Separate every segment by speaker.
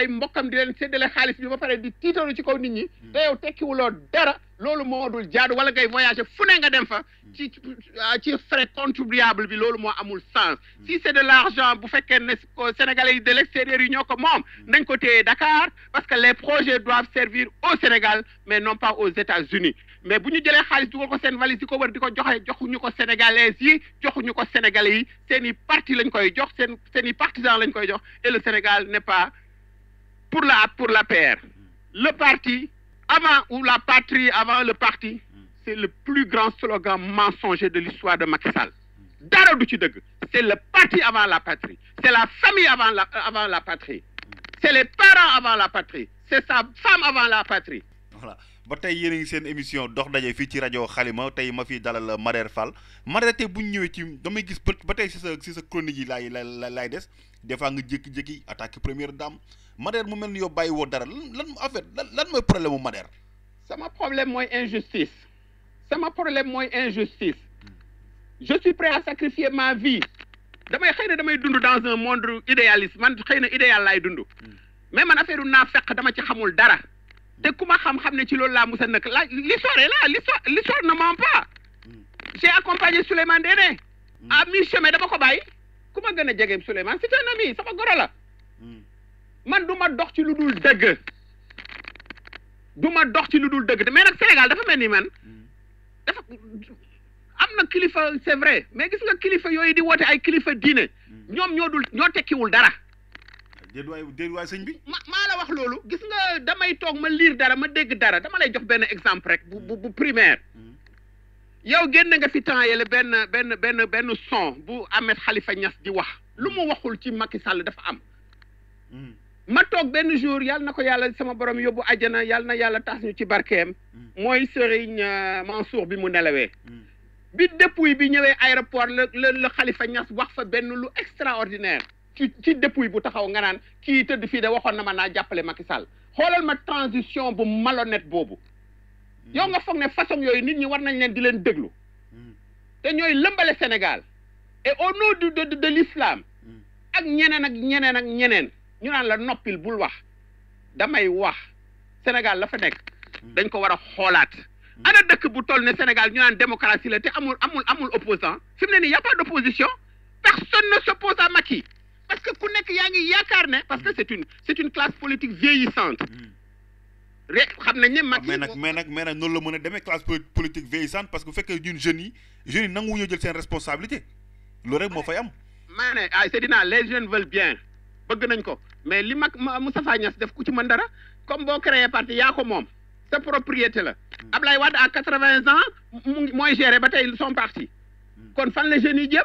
Speaker 1: ay mbokam di len séddale xaalis bi ba pare di tiitaru ci kaw nit ñi hmm. te yow lo dara lolu modul jaadu wala ngay voyager fune nga dem fa hmm. ci ci frais contribuable bi lolu mo amul sens hmm. si c'est de l'argent bu fekkee ne euh, Sénégalais yi de l'extérieur yi ñoo ko moom nañ ko Dakar parce que les projets doivent servir au Sénégal mais non pas aux États-Unis mais bu ñu jëlee xaalis dugal ko sen valise diko ko wër di ko joxe joxuñu ko sénégalais yi joxuñu ko sénégalais yi seen parti lañ koy jox seen seen partisans lañ koy jox et le Sénégal n'est pas pour la, pour la paire. Le parti, avant, ou la patrie avant le parti, c'est le plus grand slogan mensonger de l'histoire de Macky Sall. C'est le parti avant la patrie. C'est la famille avant la, avant la patrie. C'est les parents avant la patrie. C'est sa femme avant la patrie
Speaker 2: ba tey yéen a ngi seen émission dox daje fii ci rajo xalima tey ma fi dalal Mader Fall Mader tey bu ñu ñëwee ci damay gis ba tey si sa si sa chronique yi laay la laay des des fois nga jékki-jékki attaque première dame Mader
Speaker 1: mu mel ni yow bàyyi woo dara lan lan en fait lan lan mooy problème mu Mader. sama problème mooy injustice sama problème mooy injustice je suis prêt à sacrifier ma vie damay xëy na damay dund dans un monde idéaliste man xëy na idéal laay dund hmm. mais man affaire naa fekk dama ci xamul dara te kuma xam-xam ne ci loolu laa musa nag la l'histoire est là l'histoire ne ment pas hmm. j'ai accompagné Souleymane Dene à hmm. mi-chemin dama ko bàyyi ku ma gën a jege Souleymane c'est un ami sama goro la hmm. man du ma dox ci lu dul dëgg du ma dox ci lu dul dëgg mais nag Sénégal dafa mel ni man dafa am na kilifa c'est vrai mais gis nga kilifa yooyu di woote ay kilifa diine ñoom ñoo dul ñoo tekkiwul dara
Speaker 2: déet waay déet waay sëñ bi.
Speaker 1: ma maa la wax loolu gis nga damay toog ma liir dara ma dégg dara dama lay jox benn exemple rek bu bu bu primaire. Hmm. yow génn nga fi temps yële ben, ben, benn benn son bu Ahmed Khalifa Niass di wax lu mu waxul ci Macky Sall dafa am. Hmm. ma toog benn jour yàlla na ko sama borom yóbbu àjjana yàlla na yàlla taas ñu ci barkeem. Hmm. mooy Serigne euh, Mansour bi mu nelawee. bi dépouille bi ñëwee aéroport la la Khalifa Niass wax fa benn lu extraordinaire. ci ci dépouille bu taxaw nga naan kii tëdd fii de waxoon na ma naa jàppale Macky sal xoolal ma transition bu malhonnête boobu hmm. yow nga foog ne façon yooyu nit ñi war nañ leen di leen déglu hmm. te ñooy lëmbale Sénégal et au nom du de de l'islam hmm. ak ñeneen ak ñeneen ak ñeneen ñu naan la noppil bul wax damay wax Sénégal la fa nekk dañ ko war a xoolaat ana dëkk bu toll ne Sénégal ñu naan démocratie la te amul amul amul opposant fi mu ne nii y a pas d'opposition personne ne s'oppose à parce que ku nek yaa ngi ne parce que c'est une c'est une classe politique vieillissante. rek xamnañ ne ah, Macky. mais nak mais nak mais nak non la mën a
Speaker 2: classe politique vieillissante parce que bu fekkee ñun jeunes yi jeunes yi nanguwuñoo jël sen responsabilité lo rek
Speaker 1: mo fay am. mané ay Seydina les jeunes veulent bien bëgg nañ ko mais li mag Moustapha Niass def ku ci mën dara comme bo créer parti ya ko mom sa propriété la. Hmm. Ablaye Wade à 80 ans moy géré gérer ba tey son parti. Hmm. kon fan la jeunes yi jëm.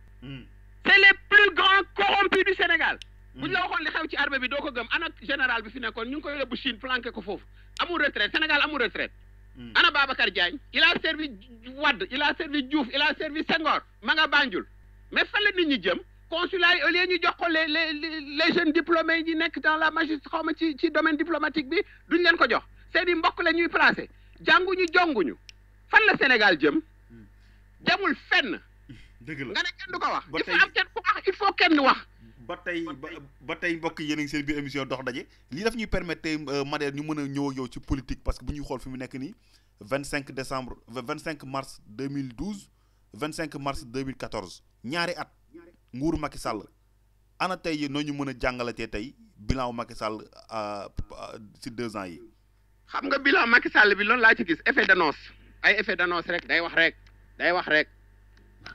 Speaker 1: bi doo ko gëm ana général bi fi nekkoon ñu ngi koy yóbbu Chine planqué ko foofu amul retraite Sénégal amul retraite hmm. ana Babacar Diagne il a servi Wade il a servi Diouf il a servi Senghor ma nga Banjul mais fan la nit ñi jëm consulat yi au lieu ñu jox ko les les les jeunes diplômés yi nekk dans la magistrature xaw ma ci ci domaine diplomatique bi duñ leen ko jox seen i mbokk la ñuy placé ñu jonguñu fan la Sénégal jëm hmm. demul fenn. dëgg nga ne kenn du ko wax. il faut am kenn ku wax il
Speaker 2: faut kenn wax. Hmm. ba tey ba tey mbokk yéen a ngi seen biir émission dox daje lii daf ñuy permettre tey euh, Madère ñu mën a ñëw yow ci politique parce que bu ñuy xool fi mu nekk nii 25 décembre 25 mars 2012 25 mars 2014 ñaari at nguur Macky Sall ana tey noo ñu mën a jàngalatee tey bilan wu Macky Sall euh,
Speaker 1: euh, ci deux ans yi. xam nga bilan Macky Sall bi loolu laa ci gis effet d'annonce ay effet d'annonce rek day wax rek day wax rek.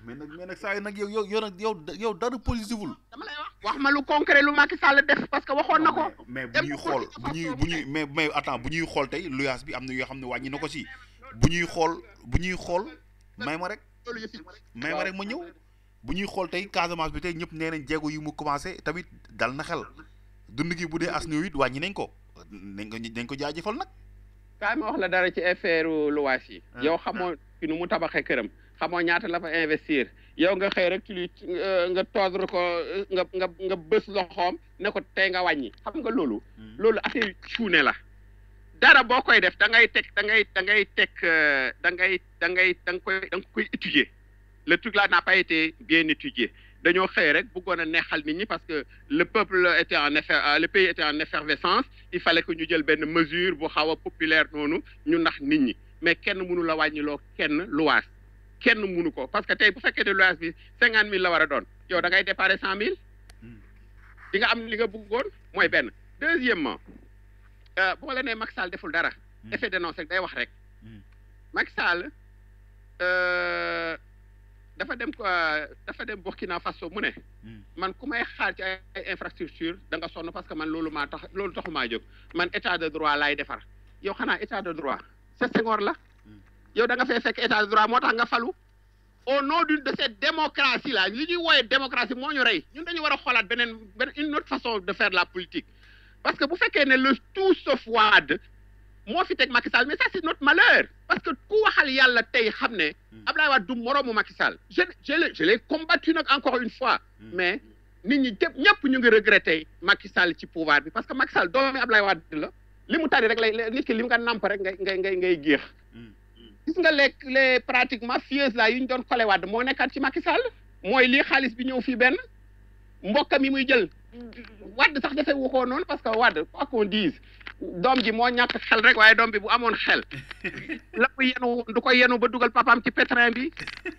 Speaker 1: mais nag mais nag saa yi nag yow yow yow nag yow yow dara positiful. dama lay wax wax ma lu concret lu Macky Sall def parce que waxoon na ko. mais bu ñuy xool bu
Speaker 2: ñuy bu ñuy mais mais attends bu ñuy xool tey luyaas bi am na yoo xam ne wàññi na ko si bu ñuy xool bu ñuy xool mais ma rek. may ma rek ma ñëw bu ñuy xool tey Casamance bi tey ñëpp nee nañ jéego yi mu commencé tamit dal na xel dund gi bu dee as néew it wàññi nañ ko nañ ko nañ ko jaajëfal nag.
Speaker 1: kaay ma wax la dara ci affaire luwaas yi. Ah, yow xamoo ci ah. nu mu tabaxee këram. xamoo ñaata la fa investir yow nga xëy rek ci li euh, nga toodre ko euh, nga nga nga bës loxoom ne ko tey nga wàññi xam nga loolu hmm. loolu affaire cuune la dara boo koy def da ngay teg da ngay da ngay teg euh, da ngay da ngay da nga koy da nga koy étudier le truc là n'a pas été bien étudié dañoo xëy rek bëggoon a neexal nit ñi parce que le peuple était en effer le pays était en effervescence il fallait que ñu jël benn mesure bu xaw a populaire noonu ñu nax nit ñi mais kenn mënu la wàññiloo kenn luwaas kenn munu ko parce que tey bu fekkee ne loyer bi cinquante mille la war a doon yow da ngay déparé cent mille hmm. di nga am li nga bëggoon mooy benn deuxièmement euh, bu ma la nee Macky Sall deful dara hmm. effet d'annonce rek day wax rek hmm. Macky Sall euh, dafa dem dafa dem Burkina Faso mu ne man ku may xaar ci ay infrastructure da nga sonn parce que man loolu maa tax loolu taxu jóg man état de droit laay defar yow xanaa état de droit c'est Senghor la yow da nga fee fekk état de droit motax nga falu au nom d'une de cette démocratie là li ñuy wooyee démocratie mo ñu ray ñun dañu wara a benen beneen une autre façon de faire la politique parce que bu fekké né le tout sauf Wade moo fi teg Macky Sall mais ça c'est notre malheur parce que ku waxal yalla tay xamné hmm. Abdoulaye Wade du moroomu Macky Sall je je l'ai je l'ai combattu nak encore une fois hmm. mais nit ñi ñep ñu ngi regretter Macky Sall ci pouvoir bi parce que Macky Sall doomi Abdoulaye Wade la limu mu tari rek lay nit ki li mu nga nàmp rek ngay ngay ngay ngay géex gis nga les les pratiquement fieuses la yu ñu doon collé waat moo nekkaat ci Macky Sall mooy li xaalis bi ñëw fii benn mbokkam mi muy jël. wadd sax dafay waxoo noonu parce que wadd quoi qu'on doom ji moo ñàkk xel rek waaye doom bi bu amoon xel la mu yenu woon du ko yenu ba dugal papaam ci pétrin bi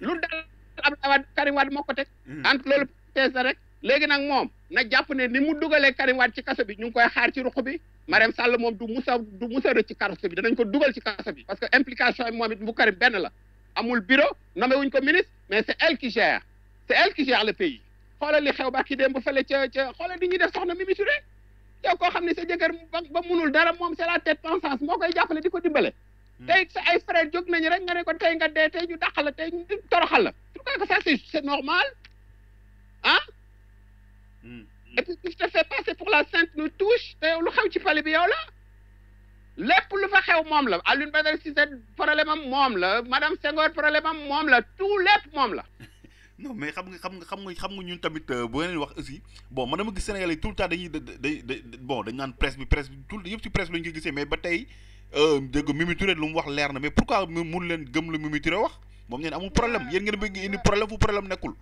Speaker 1: lu dal Abdoulaye Wade Karim Wade moo ko teg mm. entre loolu rek léegi nag moom na jàpp ne ni mu dugalee Karim Wade ci kaso bi ñu ngi koy xaar ci ruq bi mariam Sall mom du musa du musa re ci carte bi danañ ko duggal ci carte bi parce que implication momit bu Karim ben la amul bureau nomé wuñ ko ministre mais c'est elle qui gère c'est elle qui gère le pays xolal li xew ba ki dem bu fële ci ci xolal di ñuy def soxna Mimi Touré yow ko xam sa jëgër ba mënul dara mom c'est la tête pensance mo koy jàppale diko dimbale tay sa ay frère jóg nañ rek nga ne ko tay nga dé tay ñu dàq tay ñu toroxal la tout cas que ça c'est est normal ah et puis si ça s'est passé pour la Sainte nous touche te lu xew ci pale bi yow la lu fa xew moom la Alioune Badara Cissé problème am moom la madame Senghor problème am moom la tout lepp mom la. non mais xam nga xam nga xam nga xam nga ñun tamit
Speaker 2: euh, bu ngeen wax aussi bon man dama gis Sénégalais tout temps dañuy day bon dañ naan presse bi presse bi tout yépp ci presse bi lañ koy mais ba tey euh, dégg Mimi Touré lu mu wax leer na mais pourquoi mun leen gëm lu Mimi Touré wax mom ngeen amul problème ah. yeen ngeen bëgg indi problème fu problème nekkul.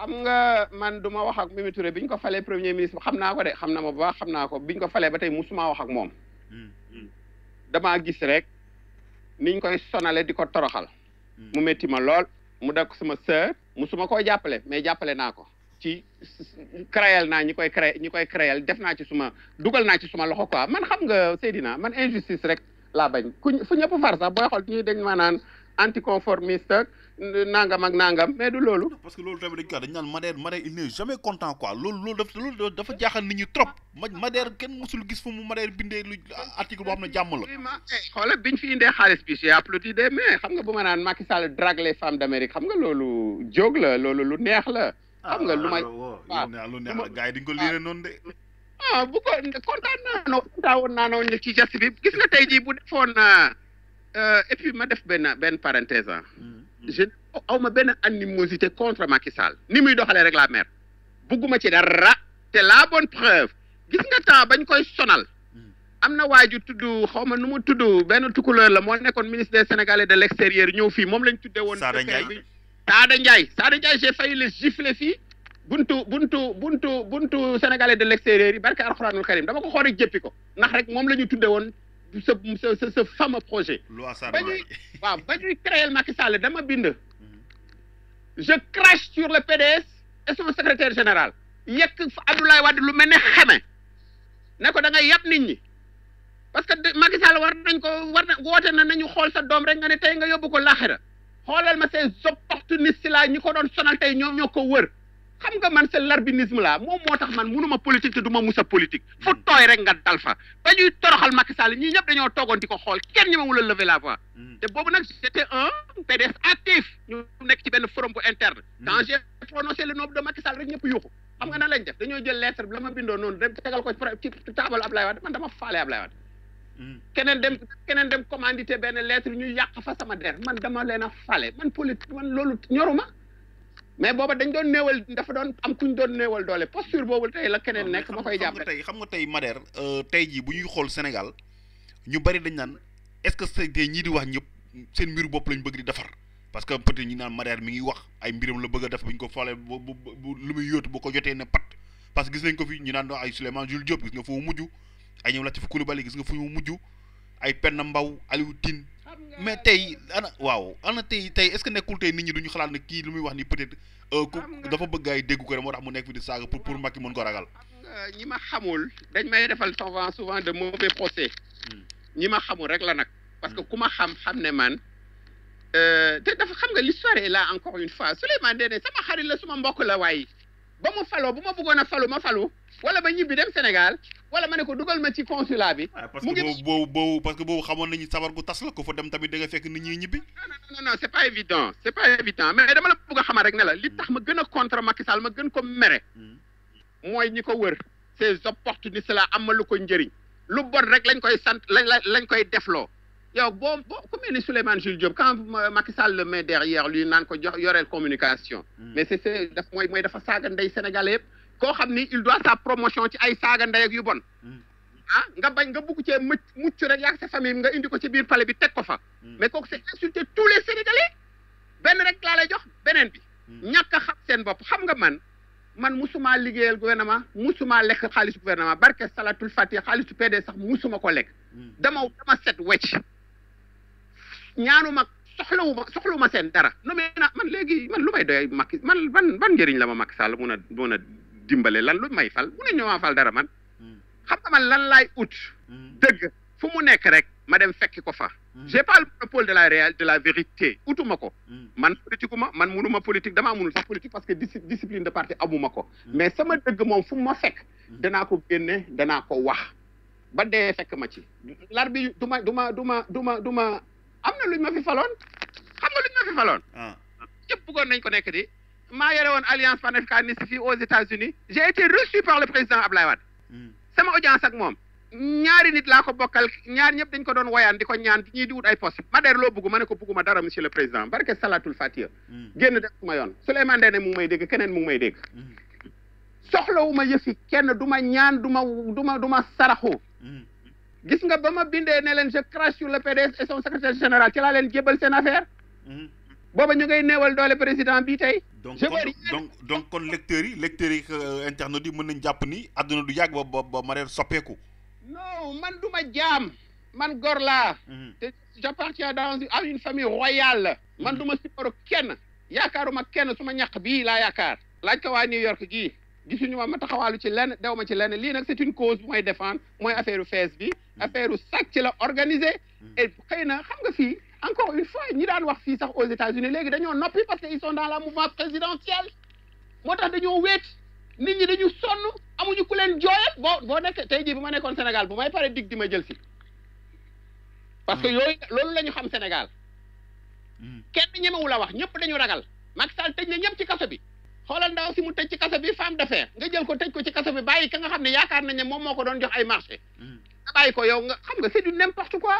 Speaker 1: xam nga man du ma wax ak Mimi bi ñu ko falee premier ministre xam naa ko de xam na ma bu baax xam naa ko bi ko falee ba tey musuma wax ak moom. Hmm, hmm. damaa gis rek niñ koy sonale di ko toroxal. Hmm. mu métti ma lool mu dëkk sama sœur musuma koo jàppale mais jàppale naa ko ci créel naa ñi koy créé ñi koy créel def naa ci suma dugal naa ci suma loxo quoi man xam nga Seydina man injustice rek laa bañ ku fu ñëpp far sax booy xool ñuy dañ anticonformiste ak nangam ak nangam mais du loolu.
Speaker 2: parce que loolu tamit dañu kaa dañu naan Mader Mader il n'est jamais content quoi loolu loolu dafa loolu dafa jaaxal nit ñi trop ma Mader kenn mosul gis fu mu Mader bindee lu article boo xam ne jàmm la.
Speaker 1: Eh, xoolal biñ fi indee xaalis bi j'ai applaudi des mais xam nga bu ma naan Macky Sall drague les femmes d'Amérique xam nga loolu jóg la loolu lu neex la. xam nga lu may ah, waaw lu neex la gars yi di nga ko liire noonu de. Ah, bu ko kontaan naa noo kontaan woon naa noonu ci bi gis nga tey jii bu defoon. Euh, Euh, et puis ma def ben ben parenthèse ah. je aw ma animosité contre Macky Sall ni muy doxale rek la mer bugguma ci dara té la bonne preuve gis nga ta bañ koy sonal. Mm. amna waju waay xawma tudd xaw ben nu la mo nekkon ministre des Sénégalais de l'extérieur extérieur fi mom lañ tuddé won Sada Ndiaye Sada Ndiaye Sada Ndiaye j'ai failli le gifler fii. buntu buntu buntu buntu Sénégalais de l'extérieur barka alcorane barke karim dama ko xool jëppi ko ndax rek mom la tuddé won ce, ce, ce fameux projet. ba ñuy waaw créer Macky Sall dama bind. Mm-hmm. je crache sur le PDS et son secrétaire général. yekk Abdoulaye Wade lu mel ne xeme da ngay yab nit ñi parce que Macky Sall war nañ ko war na na nañu xol sa dom rek nga né tay nga yóbbu ko laaxira xolal ma ces opportunistes la ñi ko doon sonal tay ñom ñoko wër. xam nga man sa larbinisme la moom moo tax man munuma politique te duma musa politique fu tooy rek nga dal fa ba ñuy toroxal Macky Sall ñii ñëpp dañoo toogoon di ko xool kenn ñemewul a lever la voix hmm. te boobu nag j'étais un PDS actif ñu nekk ci benn forum bu interne hmm. quand j'ai prononcé le nom de Macky Sall rek ñëpp yuuxu xam nga nan lañ def dañoo jël lettre bi la ma bindoon noonu dem tegal ko ci table Ablaye Wade man dama faale Ablaye Wade hmm. keneen dem keneen dem commandité benn lettre ñu yàq fa sama der man dama leen a fale man politique man loolu ñoruma mais booba dañ doon néewal dafa doon am kuñ doon néewal doole posture boobu tey la keneen nekk ma koy
Speaker 2: jàppale tey xam nga tey Mader euh, tey jii bu ñuy xool Sénégal ñu bari dañ naan est-ce que tey ñii di wax ñëpp seen mbiru bopp lañ bëgg di defar parce que peut-être ñu naan Mader mi ngi wax ay mbiram la bëgg a def ko ñu ko foolee bu lu muy yoot bu ko jotee ne pat parce que gis nañ ko fi ñu naan doo ay Souleymane Jules Diop gis nga fu mu mujj ay ñëw Latif gis nga fu mu mujj ay Penda Mbaw Aliou Tine mais tey ana waaw ana tey tey est-ce que nekkul tey nit ñi duñu xalaat ne kii lu muy wax ni peut-être euh, dafa bëgg ay dégg ko rek moo tax mu nekk fi di saaga pour pour Macky mën ko ragal.
Speaker 1: ñi ma xamul dañ may defal souvent souvent de mauvais procès hmm. ñi ma xamul rek la nag. parce que hmm. ku ma xam xam ne man. Euh, te dafa xam nga l'histoire est là encore une fois Souleymane Ndéné sama xarit la suma mbokk la waaye. ba falo buma bu falo ma falo wala ba ñibi dem Sénégal wala mané ko duggal ma ci consulat bi. Ah, mu ngi parce que bo boobu parce que boobu xamoon nañu sabar gu tass la ko fa dem tamit da nga fekk nit ñi ñibbi. non non non c'est pas évident c'est pas évident mais dama la bëgg a xamal rek ne la li tax ma gëna contre Macky Sall ma gën ko mere. Hmm. mooy ñi ko wër ces opportunistes la amalu ko njëriñ lu bon rek lañ koy sant lañ lañ koy defloo yow bon, bon, comme mel ni Souleymane Jules Diop quand Macky Sall le met derrière lui naan ko jox yoreel communication. Hmm. mais c'est est daf mooy mooy dafa saaga ndey Sénégalais, yëpp. koo xam ni il doit sa promotion ci ay saaga ndey ak yu bon. Hmm. ah nga bañ nga bugg cee mucc mucc rek yaa sa famille nga indi ko ci biir palais bi teg ko fa. Hmm. mais kooku c'est est insulter tous les Sénégalais. ben rek la lay jox benen bi. ñaka a xam seen bopp xam nga man. man musuma liggéeyal gouvernement musuma lek xaalisu gouvernement barke salatul fatiha xaalisu PD sax musuma ko lek dama dama set wetch ñaanu mag soxlawu ma soxlawu ma seen dara no mais na man léegi man lu may doy Macky man ban ban njëriñ la ma Macky Sall mun a mun a dimbale lan lu may fal mu ne ñoo fal dara man hmm. xam nga man lan laay ut hmm. dëgg fu mu nekk rek ma dem fekki ko fa hmm. j'ai pas le monopole de la réal de la vérité utuma ko man politique ma man munuma politique dama munul sax politique parce que discipline de parti amuma ko mais sama dëgg moom fu ma fekk danaa ko génne danaa ko wax ba dee fekk ma ci lar bi duma duma duma duma duma na luñ ma fi faloon xam nga luñ ma fi faloon. Ah. ñëpp bëggoon nañ ko nekk di maa yore woon alliance panafricaniste fii aux États-Unis j'ai été reçu par le président Ablaye Wade. Hmm. sama audience ak moom. ñaari nit laa ko bokkal ñaar ñëpp dañ ko doon woyaan di ko ñaan ñii di wut ay poste Madère loo bëgg ma ne ko bëgguma dara monsieur le président barke salatul fatiha hmm. génn def ma yoon Souleymane dene mu ngi may dégg keneen mu ngi may dégg hmm. soxlawuma yëfi kenn du ma ñaan du ma du ma du ma saraxu gis nga ba ma bindee ne leen je crache sur le PDS et son secrétaire général ci laa leen jébal seen affaire. Mhm. booba ñu ngay neewal doole président bi tey.
Speaker 2: je donc donc kon lecteurs yi lecteurs yi euh, internautes yi mën nañ jàpp ni àdduna du yàgg ba ba ma reer soppeeku.
Speaker 1: non man du ma jaam man gor laa. Mhm. te j'appartiens dans à une famille royale. man mhm. du ma supporter kenn yaakaaruma kenn su ma ñàq bii laa yaakaar. laaj ko waa New York gii gisuñu ma ma taxawaalu ci lenn dew ma ci lenn lii nag c'est une cause bu may mooy affaire fees bi. Mm. affaire sàcc la organisé mm. et na xam nga fii encore une fois ñi daan wax fii sax aux États-Unis léegi dañoo noppi parce que ils sont dans la mouvance présidentielle moo tax dañoo weet nit ñi dañu sonn amuñu ku leen jooyal boo boo nekk tey jii bu ma nekkoon Sénégal bu may pare dig di ma jël si parce que mm. yooyu loolu la ñu xam Sénégal kenn ñemewu la wax ñëpp dañu ragal Macky Sall tëj na ñëpp ci kaso bi xoolal ndaw si mu tëj ci kaso bi femme d'affaires nga jël ko tëj ko ci kaso bi bàyyi ka nga xam ne yaakaar nañ ne moom moo ko doon jox ay marché nga ko yow nga xam nga c'est du n'importe quoi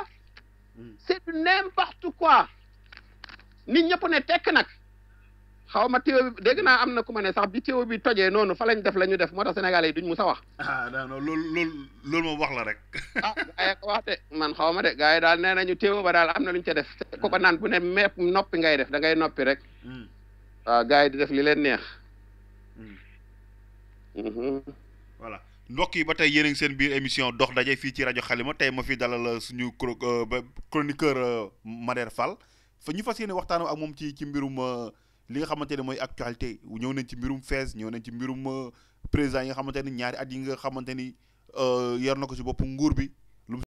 Speaker 1: hmm. c'est du n'importe quoi nit ñëpp ne tekk nag xaw ma téo bi dégg naa am na ku ma ne sax bi téo bi tojee noonu fa lañu def la ñu def moo ta sénégalais yi duñ mu sa wax ah non non loolu wax la rek ah gars man xaw ma de gars yi daal nee nañu téo ba daal am na lu ñu def hmm. ko naan bu ne mepp noppi ngay def da ngay noppi rek hmm. waaw gars yi di def li leen neex mhm. voilà
Speaker 2: mbokk yi ba tey yéen seen biir émission dox daje fii ci rajo xalima tey ma fi dalal suñu euh, chroniqueur euh, Mader Fall fa ñu fas yéene waxtaan ak moom ci ci mbirum euh, li nga xamante ne mooy actualité ñëw nañ ci mbirum fees ñëw nañ ci mbirum président yi nga xamante ni ñaari at yi nga xamante ni yor na ko si boppu nguur bi